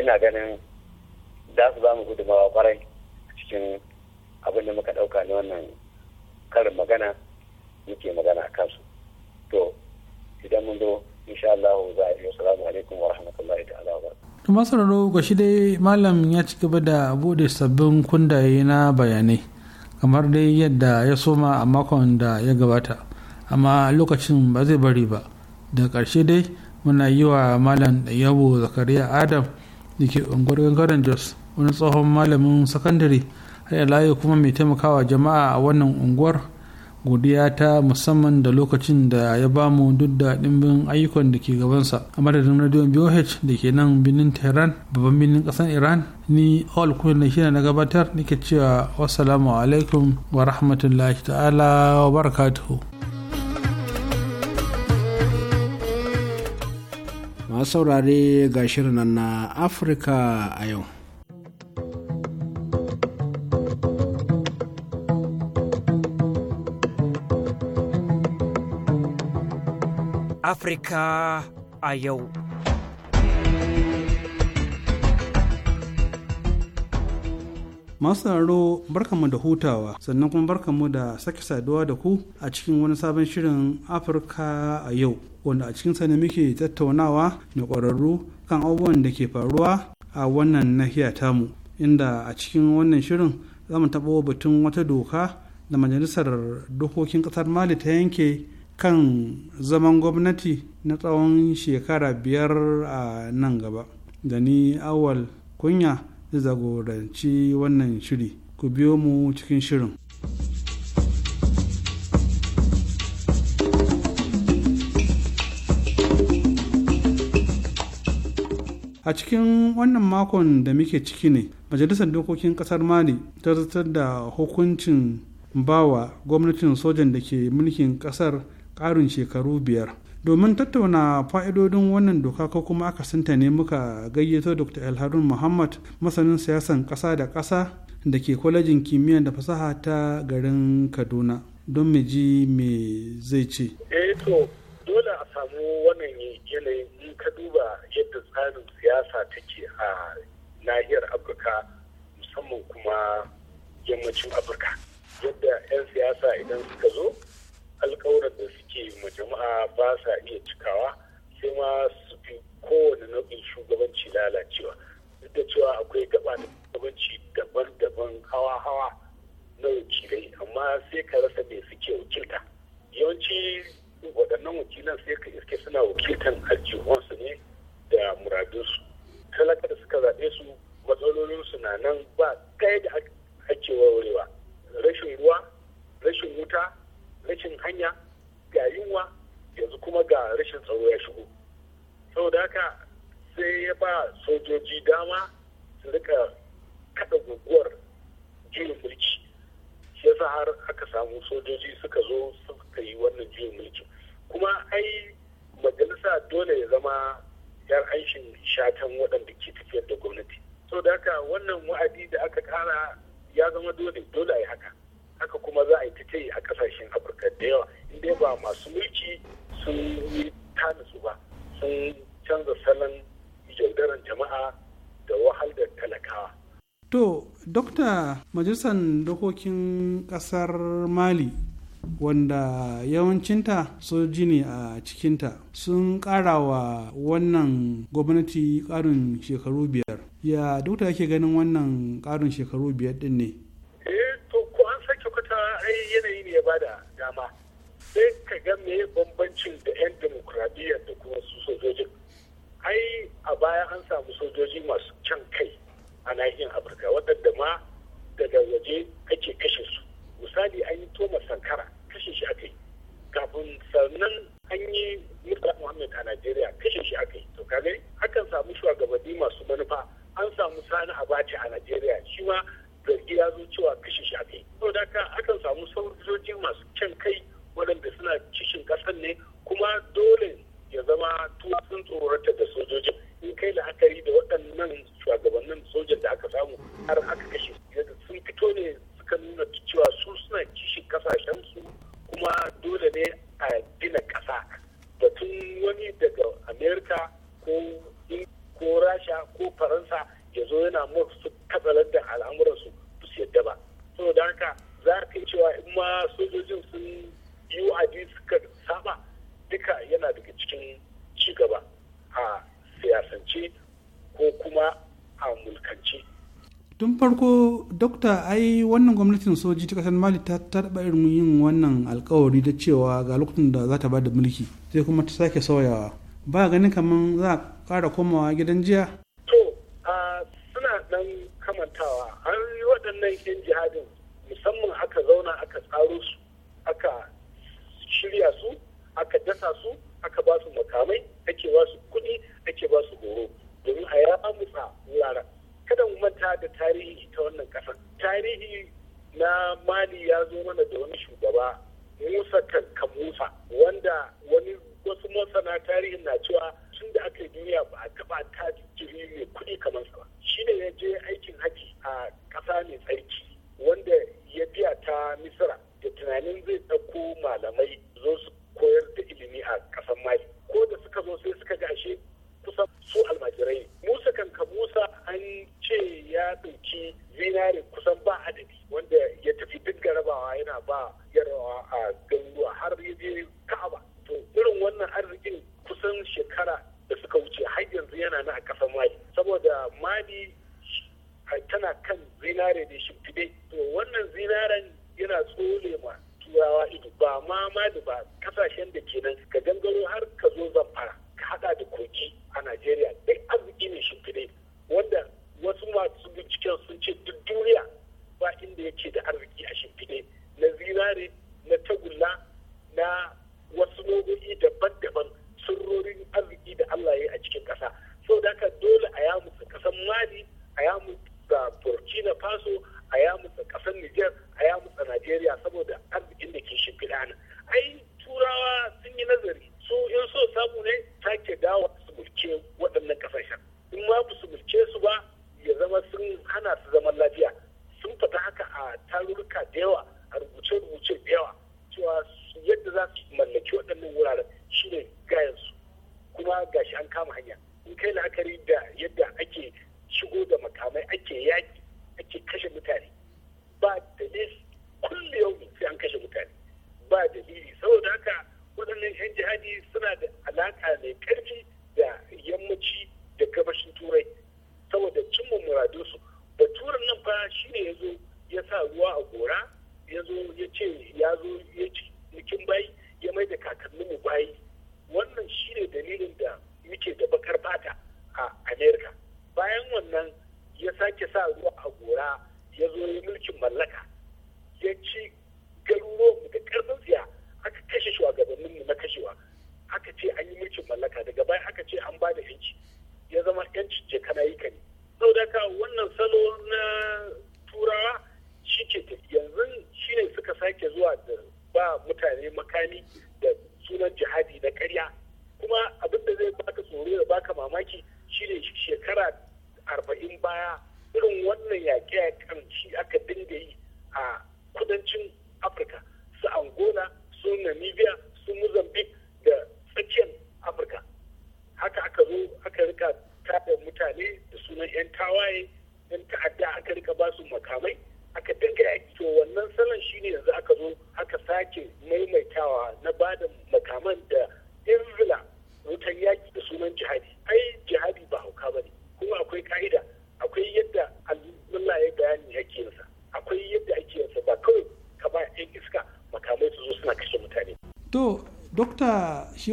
ina ganin za su ba mu gudumawa kwarai cikin abin da muka ɗauka na wannan karin magana muke magana a kansu to idan mun zo insha Allah za a yi salamu alaikum wa rahmatullahi ta'ala wa kuma sauraro ga shi dai malam ya ci gaba da bude sabbin kundaye na bayanai kamar dai yadda ya soma a makon da ya gabata amma lokacin ba zai bari ba da ƙarshe dai muna yi wa malam yabo zakariya adam da ke unguwar jos wani tsohon malamin sakandare har layo kuma mai taimakawa jama'a a wannan unguwar godiya ta musamman da lokacin da ya bamu duk da ɗimbin ayyukan da ke gabansa a madadin radiyon boh da ke nan binin tehran babban binin ƙasar iran ni all kuma na shine na gabatar nake cewa wassalamu alaikum wa rahmatullahi ta'ala wa barakatuhu masu saurare ga shirin nan na afirka a yau afirka a yau masu barka barkanmu da hutawa sannan kuma barkanmu da sake saduwa da ku a cikin wani sabon shirin afirka a yau wanda a cikin ne muke tattaunawa da ƙwararru kan abubuwan da ke faruwa a wannan nahiya tamu inda a cikin wannan shirin za mu taɓa batun wata doka da majalisar dokokin ƙasar mali ta yanke kan zaman gwamnati na tsawon shekara biyar a nan gaba da ni awal kunya zai zagoranci wannan shiri ku biyo mu cikin shirin a cikin wannan makon da muke ciki ne majalisar dokokin kasar mali ta zartar da hukuncin bawa gwamnatin sojan da ke mulkin kasar ƙarin shekaru biyar domin tattauna fa'idodin wannan doka ko kuma aka akasinta ne muka gayyato dr alharun muhammad masanin siyasan ƙasa da ƙasa da ke kwalejin kimiyya da fasaha ta garin kaduna don mu ji me zai ce eh to dole a samu wannan yanayin in ka duba yadda tsarin siyasa take a nahiyar afirka musamman kuma yammacin afirka yadda 'yan siyasa idan suka zo alkawuran da su suke mu jama'a ba sa iya cikawa sai ma su fi kowane nau'in shugabanci lalacewa duk da cewa akwai gaba da shugabanci daban-daban hawa-hawa na wakilai amma sai ka rasa me suke wakilta yawanci waɗannan wakilan sai ka iske suna wakiltan aljihunsu ne da muradunsu talaka da suka zaɓe su matsalolinsu na nan ba ɗaya da ake warwarewa rashin ruwa rashin wuta rashin hanya ga yunwa yanzu kuma ga rashin tsaro ya shigo saboda haka sai ya ba sojoji dama su rika kada guguwar juyin mulki shi yasa har aka samu sojoji suka zo suka yi wannan juyin mulki kuma ai majalisa dole ya zama yar aishin shatan waɗanda ke tafiyar da gwamnati so haka wannan wa'adi da aka kara ya zama dole dole a yi haka haka kuma za a yi ta a kasashen afirka da yawa dai ba masu mulki sun yi su ba sun canza salon yaudaran jama'a da wahalar da talakawa to dokta majalisar dokokin ƙasar mali wanda yawancinta soji ne a cikinta sun ƙara wa wannan gwamnati ƙarin shekaru biyar ya dokta yake ake ganin wannan ƙarin shekaru biyar ɗin ne eh to ko an sake kwata ai yanayi ne ya bada dama sai ka ga me bambancin da 'yan demokradiyya da kuma su sojojin ai a baya an samu sojoji masu kyan kai a nahiyar afirka waɗanda ma daga waje ake kashe su misali an yi toma sankara kashe shi aka yi kafin sannan an yi murtala muhammad a najeriya kashe shi aka yi to akan samu shugabanni masu manufa an samu sani abace a najeriya shi ma zargi ya zo cewa kashe shi aka yi saboda haka akan samu sojoji masu kyan kai waɗanda suna cikin ƙasar ne kuma dole ya zama sun tsorata da sojojin in kai la'akari da waɗannan shugabannin sojan da aka samu har aka kashe sun fito ne suka nuna cewa su suna kishin ƙasashen su kuma dole ne a gina ƙasa batun wani daga amerika ko ko rasha ko faransa ya zo yana mafi su katsalar da al'amuransu su yadda ba saboda haka za ka cewa in ma sojojin sun biyu a biyu suka saba duka yana daga cikin cigaba a siyasance ko kuma a mulkance. tun farko dokta ai wannan gwamnatin soji ta kasar mali ta taɓa irin yin wannan alkawari da cewa ga lokacin da za ta ba da mulki sai kuma ta sake sauyawa ba ganin kamar za a ƙara komawa gidan jiya to suna nan kamantawa an yi waɗannan yin jihadin musamman aka zauna aka tsaro su aka shirya su aka dasa su aka ba su makamai ake ba su kuɗi ake ba su horo domin a ya amutsa wuraren kada mu manta da tarihi ta wannan ƙasar tarihi na mali ya zo mana da wani shugaba musa kanka musa wanda wani wasu masana tarihin na cewa tun da aka yi duniya ba a taɓa ta jiri mai kuɗi kamar sa ba shi ne ya je aikin haji a ƙasa mai tsarki wanda ya biya ta misira da tunanin zai ɗauko malamai zo su koyar da ilimi a ƙasar mali ko da suka zo sai suka gashe kusan su almajirai musa kanka musa an ce ya ɗauki zinare kusan ba adadi wanda ya tafi duk garabawa yana ba yarawa a garuruwa har ya je ka'aba to irin wannan arzikin kusan shekara da suka wuce har yanzu yana na a ƙasar mali saboda mali tana kan zinare da shimfiɗe to wannan zinaren yana tsole ma turawa ido ba ma ma da ba kasashen da ke nan ka gangaro har ka zo zamfara ka hada da kogi a najeriya duk arziki ne shimfiɗe wanda wasu masu binciken sun ce duk duniya ba inda yake da arziki a shimfiɗe na zinare na tagulla na wasu nau'o'i daban-daban sirrorin arziki da Allah ya yi a cikin ƙasa sau da haka dole a yamusa ƙasar mali a yamutsa burkina faso a yamusa ƙasar niger a yamutsa najeriya saboda arzikin da ke shimfiɗa nan ai turawa sun yi nazari su in so samu ne take dawo su mulke waɗannan ƙasashen in ma su mulke su ba ya zama sun hana su zaman lafiya sun fita haka a tarurruka da yawa a rubuce-rubuce da yawa cewa yadda za su mallaki waɗannan wuraren shine gayansu kuma gashi an kama hanya in kai la'akari da yadda ake shigo da makamai ake yaƙi ake kashe mutane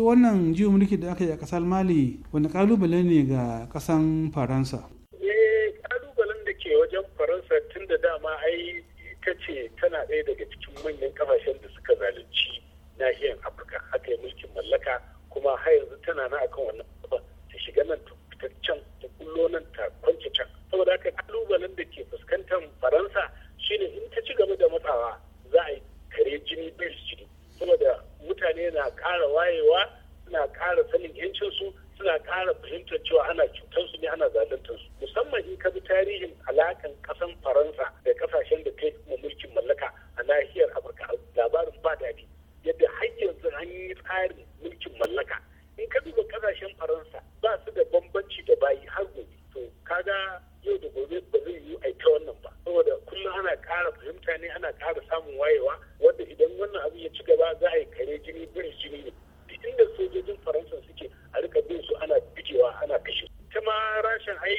wannan jiyo mulki da aka yi a kasar mali wani kalubale ne ga kasan faransa kalubalen eh, da ke wajen faransa tun da dama ai ita ce tana ɗaya daga cikin manyan kasashen da suka zalunci nahiyar afirka aka yi mulkin mallaka kuma har yanzu tana na akan wannan ta shiga nan ta fita can ta kullo nan ta kwance can saboda haka kalubalen da ke fuskantar faransa shine in ta ci gaba da matsawa za a yi kare jini bil jini saboda mutane na ƙara wayewa suna ƙara sanin su suna ƙara fahimtar cewa ana cutar su ne ana zaluntar su musamman in ka bi tarihin alakan ƙasan faransa da ƙasashen da kai mulkin mallaka a nahiyar afirka labarin ba daɗi yadda har yanzu an yi tsarin mulkin mallaka in ka duba ƙasashen faransa ba su da bambanci da bayi har gobe to kaga yau da gobe ba zai yi aika wannan ba saboda kullum ana kara fahimta ne ana kara samun wayewa wanda idan wannan abu ya ci gaba za a yi kare jini birin jini ne duk inda sojojin faransa suke a rika bin su ana bijewa ana kashe ita ma rashin ai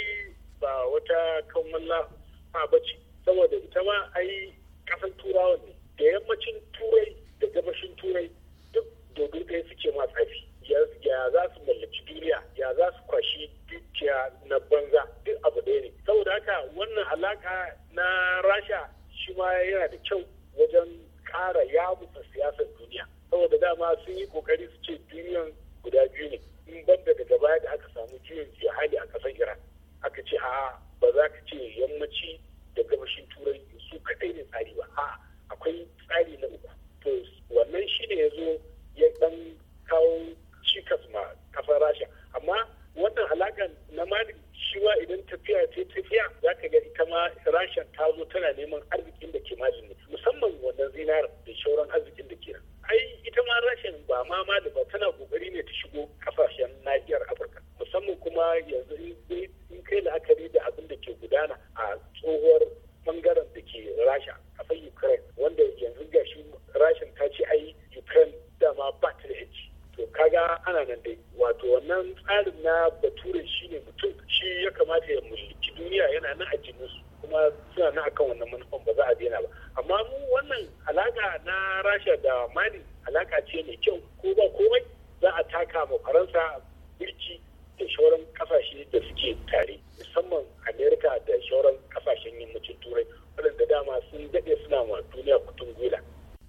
ba wata kan walla ba ce saboda ita ma ai kasan turawa ne da yammacin turai da gabashin turai duk dogon kai suke ma tsafi ya za su mallaki duniya ya za su kwashi dukiya na banza duk abu ɗaya ne saboda haka wannan alaka na rasha shi ma yana da kyau wajen ƙara yabuta siyasar duniya saboda dama sun yi kokari su ce duniyan guda biyu ne in banda daga baya da aka samu juyin hali a ƙasar iran aka ce a ba za ka ce yammaci da gabashin turai su kaɗai ne tsari ba A'a akwai tsari na uku to wannan shi ne ya zo ya ɗan kawo cikas ma kasar rasha amma wannan alaƙa na mali shi idan tafiya ce tafiya za ka ga ita ma rasha ta zo tana neman arzikin da ke mali ne musamman wannan zinar da shauran arzikin da ke ai ita ma rasha ba ma mali ba tana kokari ne ta shigo kasashen nahiyar afirka musamman kuma yanzu in kai la'akari da abin da ke gudana a tsohuwar bangaren da ke rasha wannan tsarin na bature shi ne mutum shi ya kamata ya mulki duniya yana na a su kuma suna na akan wannan manufan ba za a daina ba amma mu wannan alaka na rasha da mali alaka ce mai kyau ko ba komai za a taka ma faransa birki da shauran kasashe da suke tare musamman amerika da shauran kasashen yammacin turai waɗanda dama sun daɗe suna ma duniya kutun gwila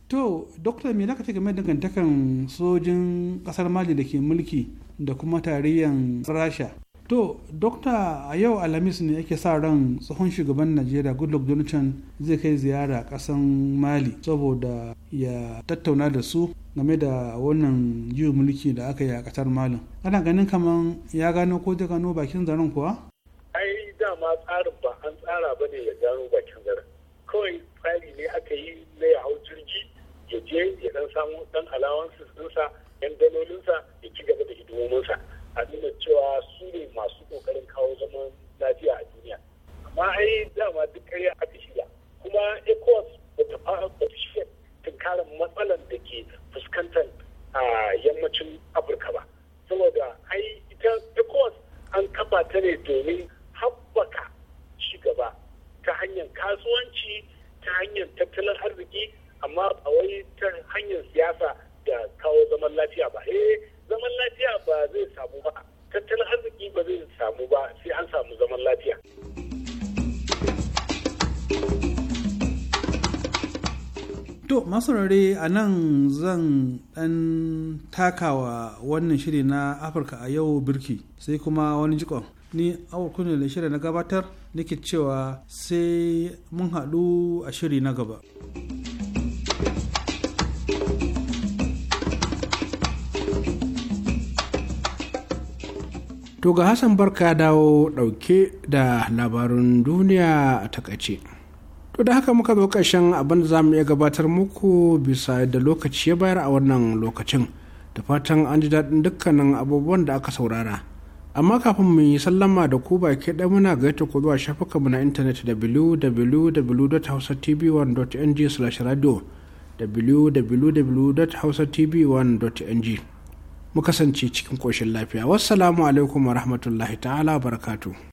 to dokta me naka ce game da dangantakan sojin kasar mali da ke mulki da kuma tarihin rasha to dokta a yau alhamis ne ake sa ran tsohon shugaban najeriya goodluck jonathan zai kai ziyara kasan mali saboda ya tattauna da su game da wannan juyin mulki da aka yi a kasar malin ana ganin kamar ya gano ko zai gano bakin zaren kuwa ai dama tsarin ba an tsara ba ne ya gano bakin zaren kawai tsari ne aka yi na ya hau jirgi ya je ya dan samu dan alawansa dinsa yan dalolinsa ci gaba da hidimominsa a nuna cewa su ne masu kokarin kawo zaman lafiya a duniya amma ai dama duk karya aka shirya kuma ecos ba ta shirya tunkarar matsalar da ke fuskantar a yammacin afirka ba saboda ai ita ecos an kafa ta ne domin haɓaka gaba ta hanyar kasuwanci ta hanyar tattalin arziki amma a wai ta hanyar siyasa da kawo zaman lafiya ba eh zaman lafiya ba zai samu ba tattalin arziki ba zai samu ba sai an samu zaman lafiya To masarare a nan zan ɗan takawa wannan shiri na Afirka a yau birki sai kuma wani jikon. Ni awar da shirin na gabatar nake cewa sai mun haɗu a shiri na gaba. To ga Hassan Barka dawo ɗauke da labarin duniya a takaice. To da haka muka zo ƙarshen abin da za mu iya gabatar muku bisa da lokaci ya bayar a wannan lokacin. Da fatan an ji daɗin dukkanin abubuwan da aka saurara. Amma kafin mu yi sallama da ku baki ɗaya muna gaita ku zuwa shafukanmu na intanet www.hausatv1.ng/radio www.hausatv1.ng. mu kasance cikin ƙoshin lafiya wassalamu alaikum wa rahmatullahi ta'ala barakatu